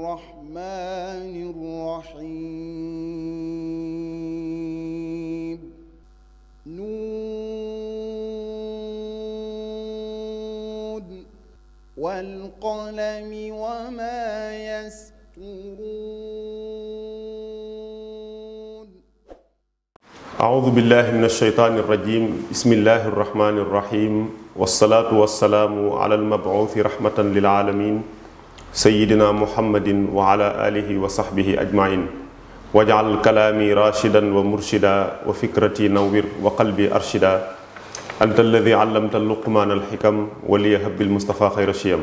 الرحمن الرحيم نون والقلم وما يسطرون أعوذ بالله من الشيطان الرجيم بسم الله الرحمن الرحيم والصلاة والسلام على المبعوث رحمة للعالمين sayidina muhammadin wa ala alihi wa sahbihi ajmain wajal kalaami rashidan wa murshida wa fikrati nawwir wa qalbi arshida anta alladi allamta luqmaan alxikam waliya habbil mustafa xayra shiyam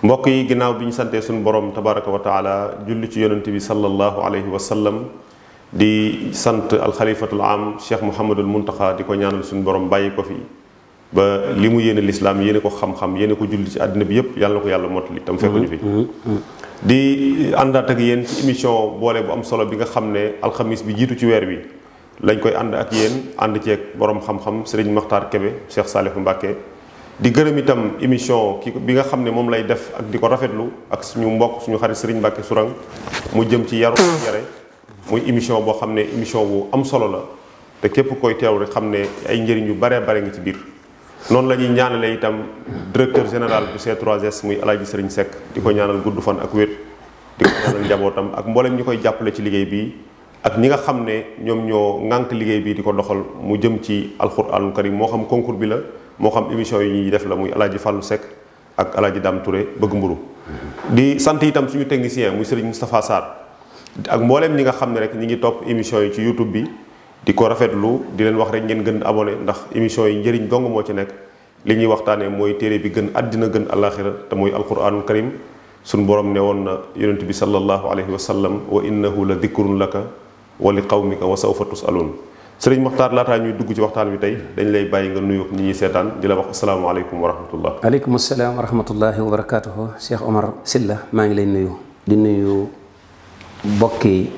mbokk yi ginnaaw bi ñu santee suñu borom tabaraka wa taala julli ci yonent bi sallallahu alayhi wa sallam di sant alxalifatul am cheikh muhammadul muntaxa di ko ñaanal suñu borom bàyyi ko fi ba li mu yéene lislaam yéene ko xam-xam yéene ko julli ci àddina bi yëpp yàlla ko yàlla mottali tam fekk ñu fi mm-hmm. Mm-hmm. di àndaat ak yéen ci émission bu am solo bi nga xam ne alxamis bi jiitu ci weer wi lañ koy ànd ak yéen ànd ceeg borom xam-xam sëriñ Maxtaar Kebe Cheikh Salif di gërëm itam émission ki bi nga xam ne moom lay def ak di ko rafetlu ak suñu mbokk suñu xarit sëriñ Mbacke Sourang mu jëm ci yaru émission boo xam ne émission bu am solo la te képp koy teew rek xam ne ay njëriñ yu baree bare nga ci biir noonu la ñuy ñaanale itam directeur général bu C3S muy Alaaji Sëriñ Seck di ko ñaanal gudd fan ak wér di ko ñaanal njabootam ak mboolem ñi koy jàppale ci liggéey bi ak ñi nga xam ne ñoom ñoo ŋànk liggéey bi di ko doxal mu jëm ci alxuraanul karim moo xam concours bi la moo xam émission yi ñuy def la muy Alaaji Fàllu sekk ak Alaaji Dam Touré bëgg mburu di sant itam suñu technicien mu Sëriñ Moustapha Sarr ak mboolem ñi nga xam ne rek ñi ngi topp émission yi ci YouTube bi di ko rafetlu di leen wax rek ngeen gën abonné ndax émission yi njëriñ dong moo ci nekk li ñuy waxtaanee mooy téere bi gën àddina gën àllaaxira te mooy alquranul karim suñ borom ne woon na yonent bi sallallahu alayhi wa sallam wa innahu la dikrun laka wa li qawmika wa sawfa tusalun sëriñ Moxtaar laataa ñuy dugg ci waxtaan wi tey dañ lay bàyyi nga nuyu ñi ñuy seetaan di la wax asalaamaaleykum wa rahmatullah aleykum asalaam wa rahmatullahi wa barakaatuhu Cheikh Omar Silla maa ngi lay nuyu di nuyu bokki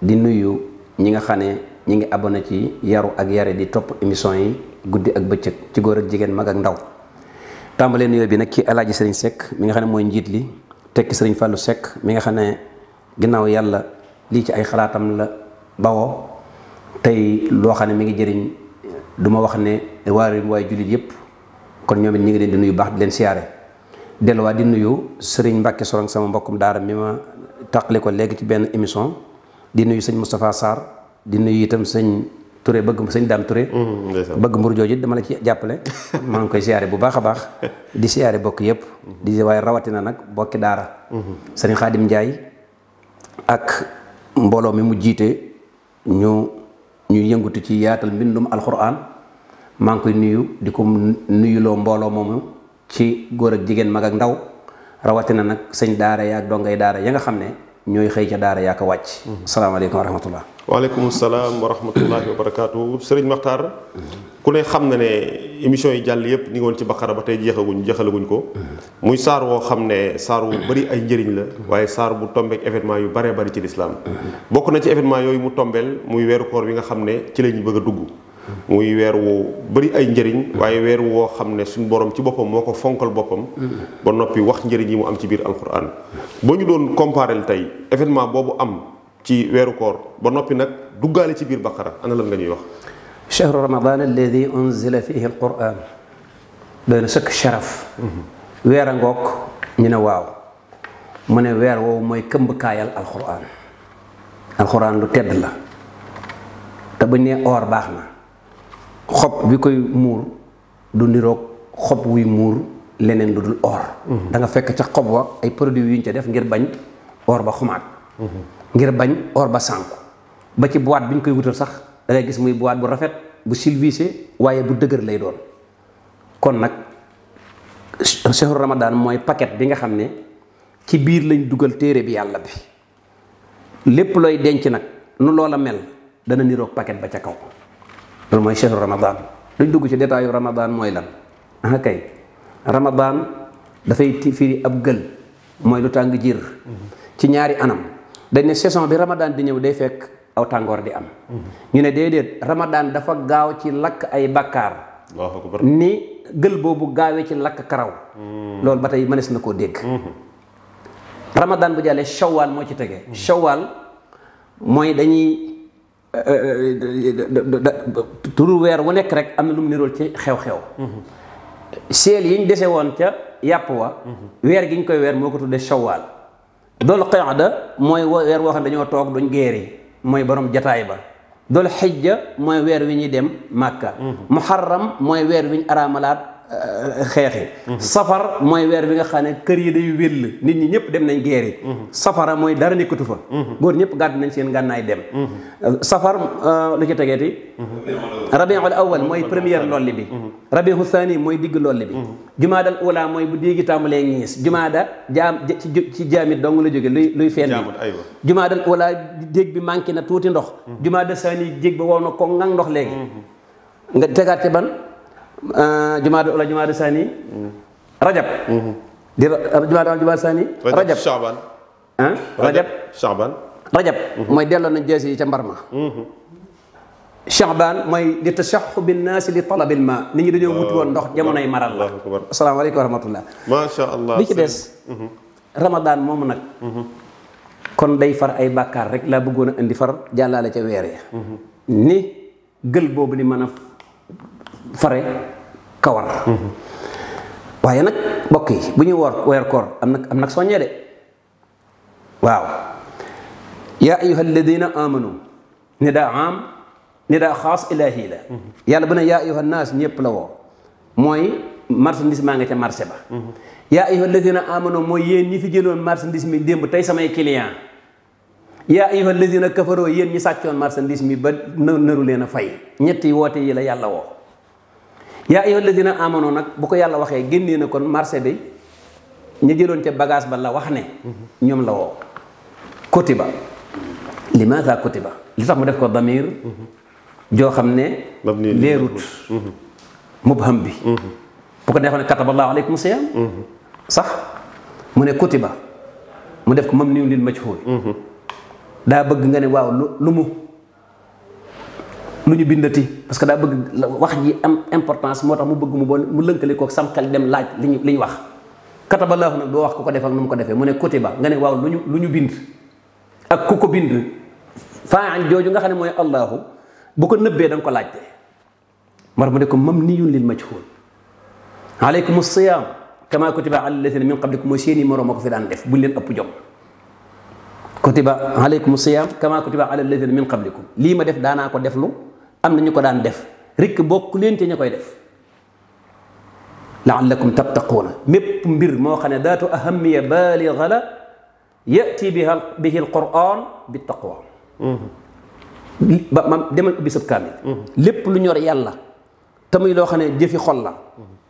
nuyu ñi nga xam ne ñi ngi abonné ci yaru ak yare di topp émission yi guddi ak bëccëg ci góor ak jigéen mag ak ndaw tàmbalee nuyoo bi nag ci alaaji sëriñ sekk mi nga xam ne mooy njiit li tekki sëriñ Fallou sekk mi nga xam ne ginnaaw yàlla lii ci ay xalaatam la bawoo tey loo xam ne mi ngi jëriñ duma wax ne waar waaye jullit yëpp kon ñoom it ñu ngi leen di nuyu baax di leen siyaare delluwaat di nuyu sëriñ Mbacke Sorong sama mbokkum daara mi ma taqali ko léegi ci benn émission di nuyu sëñ Moustapha Sarr di nuyu itam sëñ ture bëgg sëñ Dame Touré. Mm, bëgg mbur jooju dama la ci jàppale. maa ngi koy siyaare bu baax a baax. di siyaare bokk yëpp. Mm-hmm. di waaye rawatina nag bokki daara. Mm-hmm. sëñ Xaadim Ndiaye ak mbooloo mi mu jiite ñu ñu yëngatu ci yaatal mbindum alxuraan maa ngi koy nuyu di ko nuyuloo mbooloo moomu ci góor ak jigéen mag ak ndaw rawatina nag sëñ daara ya ak dongay daara ya nga xam ne. ñooy xëy ca daara yaa ko wàcc. salaamaaleykum wa rahmatullah. waaleykum salaam wa rahmatullahi wa sëriñ Maxtaar ku ne xam na ne émission yi jàll yëpp ni ngi woon ci Baqara ba tey jeexaguñ jeexalaguñ ko muy saar woo xam ne saar wu bari ay njëriñ la waaye saar bu tombeek événement yu baree bari ci lislaam bokk na ci événement yooyu mu tombeel muy weeru koor bi nga xam ne ci lañu bëgg a dugg muy weer wu bari ay njëriñ waaye weer woo xam ne suñu borom ci boppam moo ko fonkal boppam ba noppi wax njëriñ yi mu am ci biir alquran boo ñu doon comparel tey événement boobu am ci weeru koor ba noppi nag duggaale ci biir baqara ana lan nga ñuy wax chahru ramadan alladi unzila fihi weer a ñu ne waaw mu ne weer woowu mooy këmb kaayal alquran alquran lu tedd la te buñ ne or baax na xob bi koy muur du niroog xob wuy muur leneen lu dul or mhm. danga fekk ca xob wa ay produit yu ñu ca def ngir bañ or ba xumaat mhm. ngir bañ or ba sànku ba ci boîte bi ñu koy wutal sax da gis muy boîte bu rafet bu silvisé waaye bu dëgër lay doon kon nag chehru ramadan mooy paquet bi nga xam ne ci biir lañ dugal téere bi yàlla bi lépp looy denc nag nu loola mel dana niroog paquet ba ca kaw loolu mooy chehru Ramadan luñ dugg ci détail yu Ramadan mooy lan ah kay Ramadan dafay firi ab gël mooy lu tàng jir mhm. ci ñaari anam dañ ne saison bi Ramadan di ñëw day fekk aw tàngoor di am. Mhm. ñu ne déedéet Ramadan dafa gaaw ci lakk ay bakkaar. ni gël boobu gaawee ci lakk karaw. Mhm. loolu ba tey mënees na koo dégg. Ramadan bu jàllee shawwal moo ci tege. shawwal mooy dañuy. turu weer wu nekk rek am na lu mu nirool ci xew-xew. seel yi ñu dese woon ca yàpp wa. weer gi ñu koy weer moo ko tuddee shawaal. dul da mooy weer woo dañoo toog duñ géeri mooy boroom jataay ba. dul xijja mooy weer wi ñuy dem màkka. Mm-hmm. muharram mooy weer wi ñu araamalaat xeex yi safar mooy weer bi nga xam ne kër yi day wéll nit ñi ñëpp dem nañ guerre yi safara mooy dara nekkatu fa góor ñëpp gàdd nañ seen gànnaay dem safar euh, lu ci tegeeti rabiul awal mooy première lolli bi rabiul thani mooy digg lolli bi jumaadal ula mooy bu déegi tàmbalee ñiis jumaada jaam ci jaamit dong la jóge luy luy fenn bi jumaadal ula déeg bi manqué na tuuti ndox mm-hmm. jumaada thani déeg ba wow na ko ngang ndox léegi tegaat ci ban Euh, jumaada ula jumaada saani mm-hmm. rajab mm-hmm. di jumaada ula jumaada saani rajab shaaban rajab shaaban mm-hmm. rajab mooy delloo na jees yi ca mbar ma shaaban mooy di tashaxu bi naasi li talabil ma nit ñi dañoo wuti woon ndox jamonoy maral la asalaamaaleykum wa rahmatullah maa sha allah li ci des ramadaan moomu nag kon day far ay bàkkaar rek laa bëggoon a indi far jàllaale ca weer ni gël boobu di mën fare kawar waaye nag mbokk yi bu ñuy woor weer koor am nag am nag soññee de waaw ya ayuha alladina amanu ni daa am ni daa xaas ilaahi la yàlla bu ne yaa ayuha naas ñëpp la woo mooy marchandise maa nga ca marché ba yaa ayuha mooy yéen ñi fi jëloon marchandise mi démb tey samay client yaa ayuha alladina kafaroo yéen ñi sàccoon marchandise mi ba naru leen a fay ñetti woote yi la yàlla woo yaa ayyuha alladina amano nag bu ko yàlla waxee génnee na kon marché bi ñu jëloon ca bagage ba la wax ne ñoom la woo kutiba limaada kutiba li tax mu def ko damir joo xam ne leerut mhm. mubham bi mhm. bu ko neexoon ne kataballahu aleykum siyam mhm. sax mu ne ba mu def ko mam niw lil majhul daa bëgg nga ne waaw lu mu lu ñu bindati parce que daa bëgg wax ji am importance moo tax mu bëgg mu bon mu lënkale kook sam xel dem laaj li ñu li ñu wax katabalaahu nag doo wax ku ko def ak nu mu ko defee mu ne côté ba nga ne waaw lu ñu lu ñu bind ak ku ko bind faan jooju nga xam ne mooy allahu bu ko nëbbee da nga ko laajte mar mu ne ko mam niyun lil majhul aleykum siyaam kama kutiba ala alladina min qablikum mooy seeni moroom a ko fi daan def buñ leen ëpp jom kutiba aleykum siyaam kama kutiba ala alladina min qablikum lii ma def daanaa ko deflu am na ñu ko daan def rikk bokk leen ci ña koy def laallakum tattaquuna mépp mbir moo xam ne daatu ahamiya baaliga la yati bi bihi alquran bi taqwa ba mam demal ubbi sab kaamil lépp lu ñor yàlla te muy loo xam ne jëfi xol la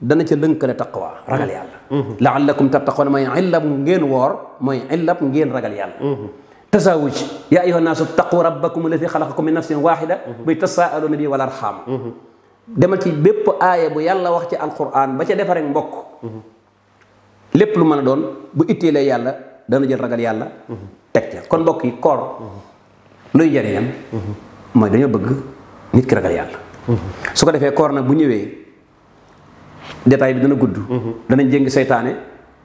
dana ca lënkale taqwa ragal yàlla laallakum tattaquuna mooy illab ngeen woor mooy illab ngeen ragal yàlla ci yaa yoon ayyuha naasu taqu rabbakum alladi xalaqakum min nafsin waxida muy tasaaluuna bi wal arxaam demal ci bépp aaya bu yàlla wax ci alquran ba ca defaree mbokk lépp lu mën a doon bu itteelee yàlla dana jël ragal yàlla teg ca kon mbokk yi koor luy njëriñam mooy dañoo bëgg nit ki ragal yàlla su ko defee koor nag bu ñëwee détail bi dana gudd danañ seytaane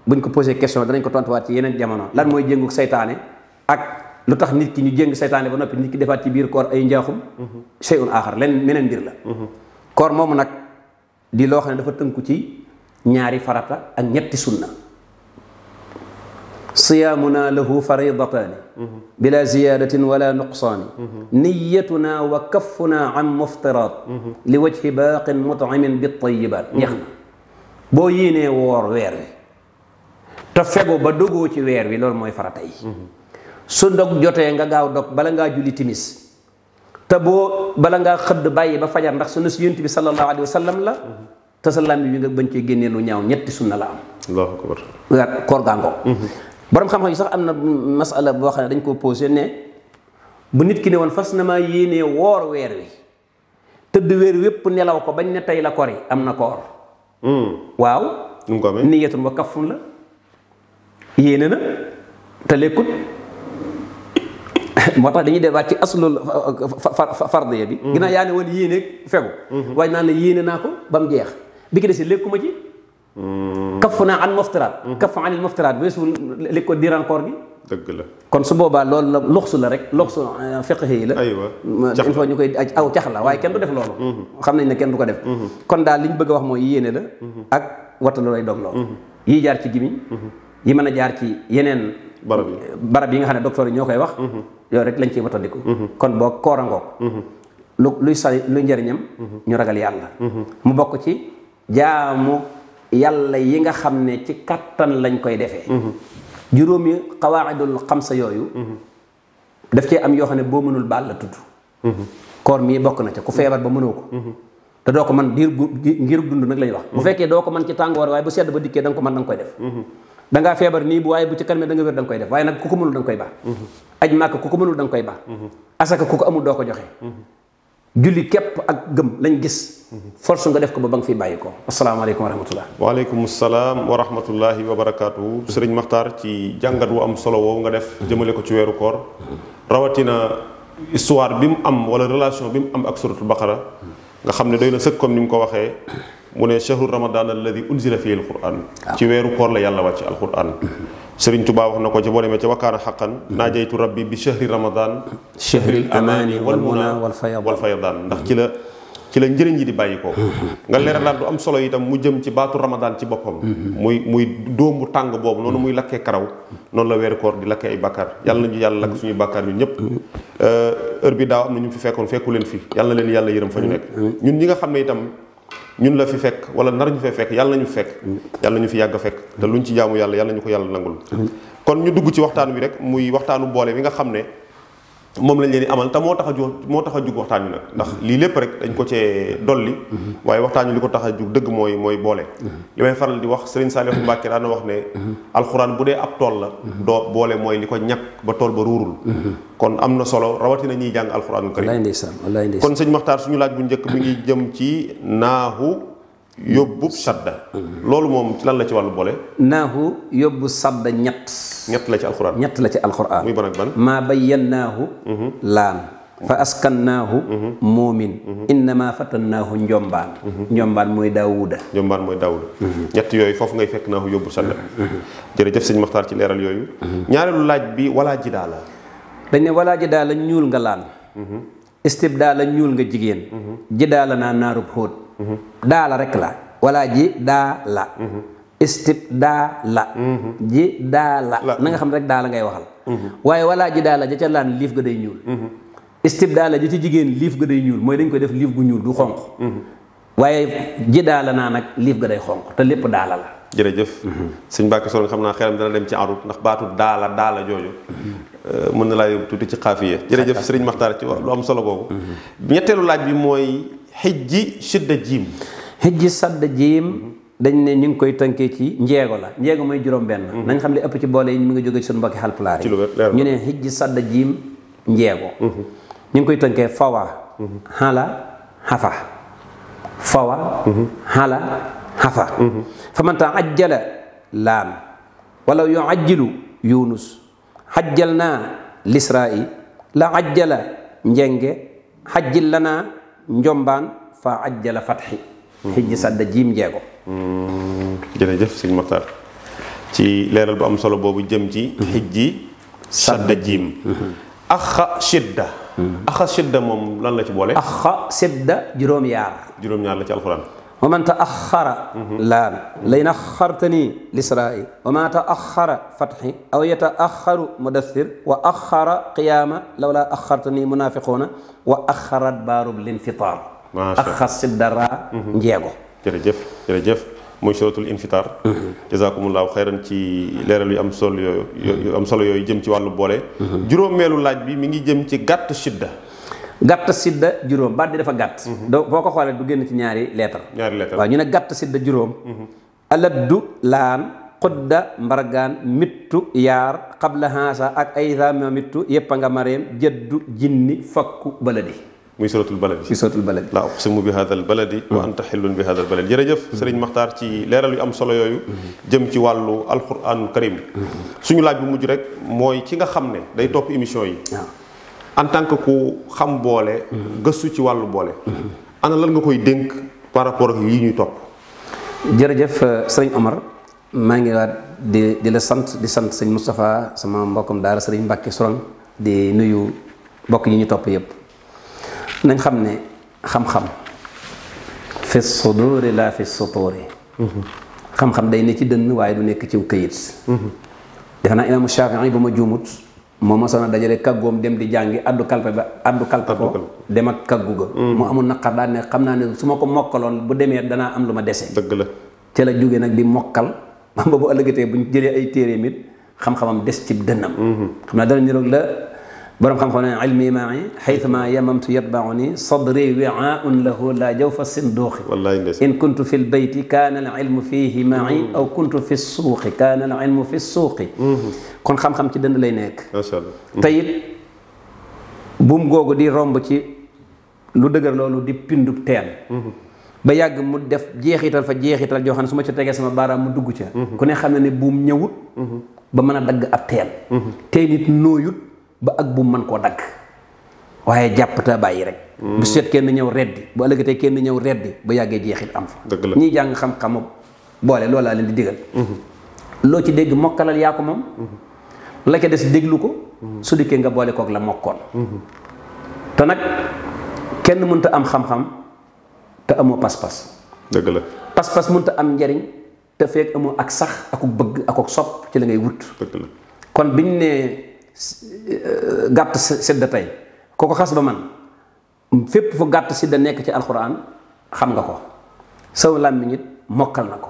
bu ñu ko posé question danañ ko tontuwaat ci yeneen jamono lan mooy jéngu saytaane ak lu tax nit ki ñu jëng seytaane ba noppi nit ki defaat ci biir koor ay njaaxum shay'un aaxar leneen meneen moomu nag di loo xam dafa tënku ci ñaari farata ak ñetti sunna siyaamuna lahu faridataani bila ziyadatin wala nuqsaani niyatunaa wa kafunaa an muftiraat li wajhi baaqin mutcimin bitayibaat ñeex na boo yéenee woor weer wi te fego ba dogoo ci weer wi loolu mooy farata yi su dog jotee nga gaaw dog bala ngaa julli timis te boo bala ngaa xëdd bàyyi ba fajar ndax sunna si yonent bi sallallahu alayhi wa sallam la te sa làmmiñ bi nga bañ cee génnee lu ñaaw ñetti sunna la am allahu akbar koor gaangoo mhm. borom xam-xam yi sax am na masala boo xam ne dañ ko posé ne bu nit ki ne woon fas na maa yéenee woor weer wi tëdd weer wépp nelaw ko bañ ne tey la kori am na koor mhm. waaw niyatun wa kafun la yéene na te lekkut moo tax dañuy delluwaat ci aslul fardiya bi mm-hmm. ginnaaw yaa ne woon yéene fegu mm-hmm. waaye naan la yéene naa ko ba mu jeex bi ki dee lékku ma ci mm-hmm. kafu naa an moftiraat kafu anil moftiraat weesuwul léeg ko diiran koor gi dëgg la kon su boobaa loolu la loxsu la rek loxsu euh, fiqhi yi la il faut ñu koy aw la waaye kenn du def loolu xam nañ ne kenn du ko def kon daal li ñu wax mooy yéene la ak wattalu lay dog loolu yii jaar ci gimiñ yi mën a jaar ci yeneen barab yi nga xam ne docteur yi ñoo koy wax yooyu rek lañ ciy watandiku mm-hmm. kon boo koor a ngoog mm-hmm. lu luy sori lu njariñam mm-hmm. ñu ragal yàlla mu bokk ci jaamu yàlla yi nga xam ne ci kattan lañ koy defee juróomi xam sa yooyu daf cee am yoo xam ne boo mënul baal la tudd koor mii bokk na ca ku feebar ba mënoo ko te doo ko man diir ngir dund nag la ñuy wax bu fekkee doo ko man ci tàngoor waaye bu sedd ba dikkee da ko mën da koy def dangaa feebar nii bu waaye bu ci kanamee da nga wér da koy def waaye nag ku ko mënul da koy baax aj màkk ku ko mënul da nga koy baax asaka ku ko amul doo ko joxe julli képp ak gëm lañ gis force nga def ko ba ba nga fiy bàyyi ko asalaamaaleykum wa rahmatullah waaleykum salaam wa rahmatullahi wa barakaatu. sëriñ Maxtaar ci jàngat wu am solo woow nga def jëmale ko ci weeru koor rawatina histoire bi mu am wala relation bi mu am ak suratul baqara nga xam ne doy na comme ni mu ko waxee mu ne shahru ramadan alladi unzila fihi alquran ah. ci weeru koor la yàlla wàcc alquran sëriñ tubaa wax na ko ci boo demee ca wakkaana xaqan mm-hmm. naajaytu rabbi bi shahri ramadan shahril amaani wal muna wal fayadan ndax ci la ci la njëriñ yi di bàyyi ko mm-hmm. nga leeralaat du am solo itam mu jëm ci baatu ramadan ci boppam mm-hmm. muy muy dóomu tàng boobu noonu muy lakkee karaw noonu la weeru koor di lakkee ay bàkkaar yàlla nañu yàlla lakk suñuy bàkkaar ñun ñëpp euh, heure bi daaw am na ñu fi fekku leen fi yàlla leen yàlla yërëm fa ñu nekk ñun ñi ñun la fi fekk wala nar ñu fee fekk yàlla nañu fekk yàlla ñu fi yàgg fekk te luñ ci jaamu yàlla yàlla ñu ko yàlla nangul kon ñu dugg ci waxtaan bi rek muy waxtaanu boole bi nga xam ne moom lañ leen di amal te moo tax a jug moo tax a jug waxtaan wi nag ndax lii lépp rek dañ ko cee dolli waaye waxtaan wi li ko tax a jug dëgg mooy mooy boole li may faral di wax Serigne Saliou Mbacke daan na wax ne alxuraan bu dee ab tool la doo boole mooy li ko ñàkk ba tool ba ruurul kon am na solo rawatina ñuy jàng alxuraanul karim kon sëñ Maxtaar suñu laaj bu njëkk mi ngi jëm ci naahu yóbbu sadda. loolu moom lan la ci wàllu boole. naahu yóbbu sadda ñett. ñett la ci alxuraan la ci alxuraan. muy ban ak ban. maa bayyannaahu. Mhm. laan. fa askannaahu. moomin. Mhm. Mhm. innamaa fatannaahu njombaan. njombaan mooy daawuda. njombaan mooy daawuda. ñett yooyu foofu ngay fekk naahu yóbbu sadda. jërëjëf sëñ Maxtaar ci leeral yooyu. ñaareelu laaj bi walaa ji daala. dañ ne walaa ji daala ñuul nga laan. istibdaala ñuul nga jigéen. ji daala naa naarub xóot. daa la rek la wala ji daa la istib daa la ji daa la na nga xam rek daala la ngay waxal mhm. waaye wala ji daa la ja ca laan liif ga day ñuul mhm. istib daa la ja ci jigéen liif ga day ñuul mooy dañ koy def liif gu ñuul du xonq mhm. waaye ji daa la naa nag liif ga day xonq te lépp daala la jërëjëf sëñ Mbàkke Soor xam naa xelam dana dem ci arut ndax baatu daala daala jooju mën na laa yóbbu tuuti ci xaafiya jërëjëf sëriñ Maxtaar ci lu am solo boobu ñetteelu laaj bi xijji sidda jiim xijji sadda jiim dañ ne ñu ngi koy tënkee ci njeego la njeego mooy juróom-benn mhm. nañ xam ëpp ci boole mu ngi jóge ci suñu mbokki xalpulaar yi sadda jiim njeego mhm. ñu koy tënkee fawa xala mhm. xafa fawa xala xafa fa man taa ajjala laan wala yu ajjilu yunus xajjal naa lisraa la ajjala njenge xajjil lanaa njombaan fa ajjala fatxi xijji sadda jiim jeego mm, ci leeral bu am solo boobu jëm ci xijji sadda jiim axa shidda mm-hmm. axa shidda moom lan la ci boole axa shidda juróom-yaar juróom-yaar la ci alxuraan wa man taaxara laana layn axartani lisrail wa ma taaxara fatxi aw yetaaxaru mudathir wa axara qiyaama lawla axartani munafiquuna wa axarat baarub linfitar axa siddara njeego jërëjëf jërëjëf muy suratul infitar jazakumullahu xayran ci leeral yu am solo yooyu yu am solo yooyu jëm ci wàllu boole juróomeelu laaj bi mi ngi jëm ci gàtt shidda gàtt sidda juróom baat bi dafa gàtt. Mhm. doo boo ko xoolee du génn ci ñaari leetar. ñaari leetar waaw ñu ne gàtt sidda juróom. Mhm. aladdu laan xudda mbargaan mittu yaar xabla hansa ak ay zaama mittu yëpp a nga mareem jëddu jinni fakku baladi. muy suratul baladi muy suratul baladi. laa uqsimu bi hadal baladi. wa mhm. anta xillun bi hadal baladi jërëjëf Serigne Makhtar ci leeral yu am solo yooyu. jëm ci wàllu alquranul karim. suñu laaj bu mujj rek mooy ki nga xam ne day topp émission yi. en tant que ku xam boole. gëstu ci wàllu boole. ana lal nga koy dénk par rapport ak yii ñuy topp. jërëjëf euh, sëriñ Omar maa ngi waat di di la sant di sant sëñ Moustapha sama mbokkam daara sëriñ Mbacke Sorong di nuyu mbokk yi ñu topp yépp nañ xam ne xam-xam. fi suduri laa fi suturi xam-xam day ne ci dënn waaye du nekk ciw këyit. Mhm. defe naa imaamu Shafii ba ma juumut. moo mosoon a dajale kàggoom dem di jàngi addu kalpe ba addu kalpe ko dem ak kàggu ga mm. mu amul naqar daal ne xam naa ne su ma ko mokkaloon bu demee danaa am lu ma dese dëgg la ca la jóge nag di mokkal ba bu ëllëgatee bu ñu jëlee ay téeréem mit xam-xamam des ci dënnam mm-hmm. xam naa dana niroog la borom xam-xam ne ilmi maai xaytuma yamamtu yatbauni sadri wiaaun lahu laa jawfa sinduuqi in kuntu fi lbayti kaana al ilmu fiihi maai mm-hmm. aw kuntu fi suuqi kaana al fi suuqi mm-hmm. kon xam-xam ci dënd lay nekk macha allah mm-hmm. buum googu di romb ci lu dëgër loolu di pindub teen ba yàgg mu def jeexital fa jeexital joo xam ne su ma ci tegee sama baaraam mu dugg ca ku ne xam ne ne buum ñëwut ba mën a dagg ab teen teen nooyut ba ak bu mën koo dagg waaye jàpp ta bàyyi rek. Mm. bu set kenn ñëw reddi bu ëllëgatee kenn ñëw reddi ba yàggee jeexit am fa. dëgg la ñiy jàng xam-xamu boole loolaa leen di digal. Mm-hmm. loo ci dégg mokkalal yaa ko moom. Mm-hmm. la ca des déglu ko. Mm-hmm. su dikkee nga boole kook la mokkoon. te nag kenn mënta am xam-xam te amoo pas-pas. dëgg la pas-pas mënta am njariñ te feek amoo ak sax akuk bëgg akuk sopp ci la ngay wut. dëgg la kon biñ gàtt sidda tey ku ko xas ba man fépp fu gàtt sidda nekk ci alxuraan xam nga ko saw làmmiñ it mokkal na ko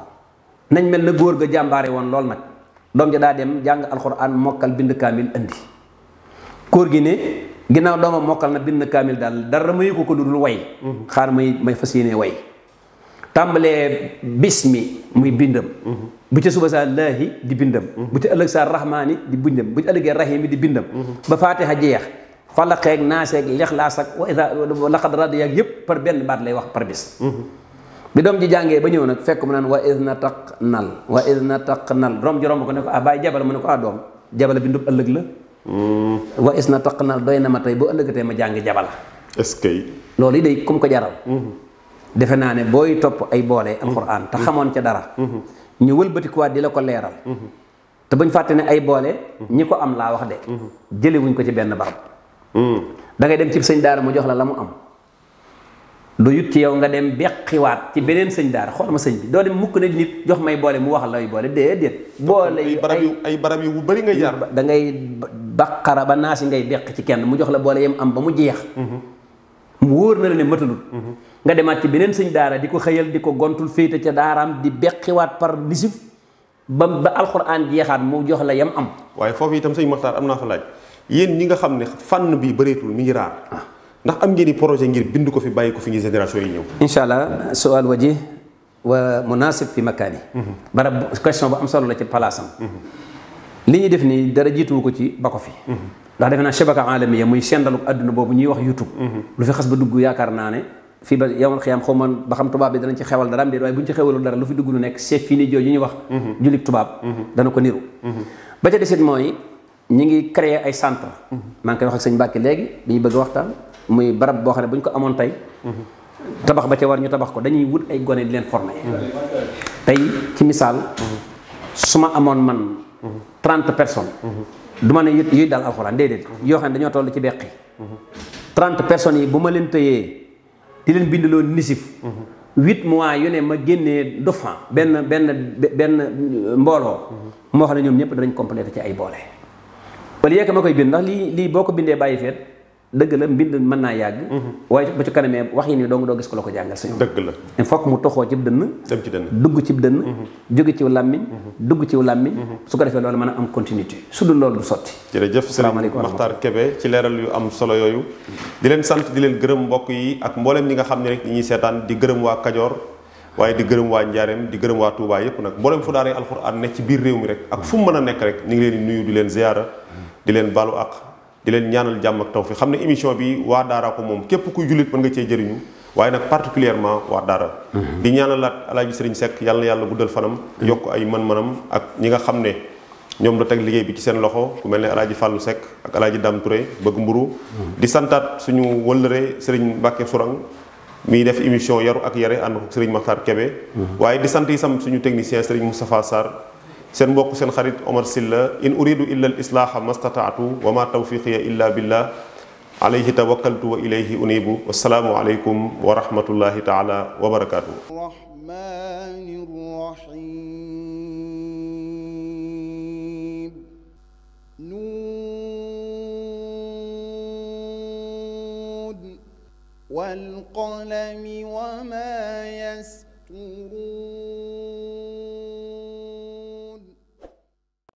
nañ mel na góor ga jàmbaare woon lool nag doom ja daa dem jàng alxuraan mokkal bind kaamil indi góor gi ne ginnaaw doomam mokkal na bind kaamil daal dara mayu ko ko dudul way mm-hmm. xaar may may fas yéene way tàmbalee bis mi muy bindam bu ca suba saa laahi di bindam bu ca ëllëg saa rahmaani di bindam bu ca ëllëgee rahimi di bindam ba faatiha jeex falaqeeg naaseeg lexlaas ak wa ida laqad radiya yëpp par benn baat lay wax par bis bi doom ji jàngee ba ñëw nag fekk mu naan wa id na taq nal wa id na taq nal doom ji romb ko ne ko ah bàyyi jabal mu ne ko ah doom jabala bindub ëllëg la hmm. wa is na taq nal doy na ma tey bu ëllëgatee ma jàng jabala est-ce que loolu yi day kum ko jaral hmm. defe naa ne booy topp ay boole mhm. alxuraan te mhm. xamoon ca dara mhm. ñu wëlbatikuwaat di la ko leeral te buñ fàtte ne ay boole ñi ko am laa wax de wuñ ko ci benn barab dangay dem ci sëñ daara mu jox la la mu am du yut ci yow nga dem beqiwaat ci beneen sëñ daara xool ma sëñ bi doo dem mukk na nit jox may boole mu wax lay boole déedéet boole yi ay barab yu bu bëri ngay jaar da ngay baqara ba naasi ngay beq ci kenn mu jox la boole yam am ba mu jeex mu wóor nga demaat ci beneen sëñ daara di ko xëyal di ko gontul féete ca daaraam di beqiwaat par nisif ba alxuraan jeexaat mu jox la yam am. waaye foofu itam sëñ Maxtaar am naa fa laaj yéen ñi nga xam ne fànn bi bëreetul mu ngi raar ndax am ngeen i projet ngir bind ko fi bàyyi ko fi ngir génération yi ñëw. incha allah suwaal waji wa munasib fi makaani. barab question bu am solo la ci palaasam. li ñuy def nii dara jiituwu ko ci ba ko fi. ndax defe naa shabaka alamiya muy sendalu àdduna boobu ñuy wax YouTube. Mhm. lu fi xas ba fii ba yowmal xiyaam xaw ma ba xam tubaab bi danañ ci xewal dara am déet waaye buñ ci xewalul dara lu fi dugg lu nekk c'est fini jooju ñu wax mhm. jullit tubaab mhm. dana ko niru mhm. ba ca desit mooy ñi ngi créer ay centre maa ngi koy wax ak sëñ Mbàkke léegi bi ñu bëgg waxtaan muy barab boo xam ne bu ñu ko amoon tey tabax ba ca war ñu tabax ko dañuy wut ay gone di leen former tey ci misaal su ma amoon man trente personnes du ma ne yuy daal alxuraan déedéet yoo xam ne dañoo toll ci beqi di leen bindaloo nisif huit mois yu ne ma génnee dofan benn benn benn mbooloo moo xam ne ñoom ñëpp danañ complété ci ay boole wala yeeka ma koy bind ndax lii lii boo ko bindee bàyyi feet dëgg la mbind mën naa yàgg mhm. waaye ba ci kanamee wax yi nii dong doo gis ko la ko jàngal suñu dëgg la il faut que mu toxoo cib dënn dem ci dënn dugg cib dënn mhm. jóge ciw làmmiñ mhm. dugg ciw làmmiñ su ko defee loolu mën a am continuité su dul loolu du sotti jërëjëf Serigne Makhtar Kébé ci leeral yu am solo yooyu di leen sant di leen gërëm mbokk yi ak mbooleem ñi nga xam ne rek ñi ñuy seetaan di gërëm waa Kajoor waaye di gërëm waa Njaareem di gërëm waa Touba yépp nag mbooleem fu daaree alxuraan ne ci biir réew mi rek ak fu mu a nekk rek ñu ngi leen di leen ziyaara di leen balu ak di leen ñaanal jàmm ak tawfiq xam ne émission bi waa daara ko moom képp kuy jullit mën nga cee jëriñu waaye nag particulièrement waa daara mhm. di ñaanalaat alaaji sëriñ sekk yàlla na yàlla guddal fanam mhm. yokk ay man mënam ak ñi nga xam ne ñoom la teg liggéey bi ci seen loxo ku mel ne alaaji Fallou sekk ak alaaji Dame Touré bëgg mburu mhm. di santaat suñu wëllëre sëriñ Mbacke Sourang miy def émission yaru ak yare ànd ko sëriñ Makhtar Kébé waaye di sant itam suñu technicien sëriñ Moustapha seen mbokk seen xarit Omar Sylla in uridu illa al islaaha mastataatu wa ma tawfiqiya illa billah alayhi tawakkaltu wa ilayhi unibu wassalaamu aleykum wa rahmatullahi taala wa barakatuh والقلم وما يسترون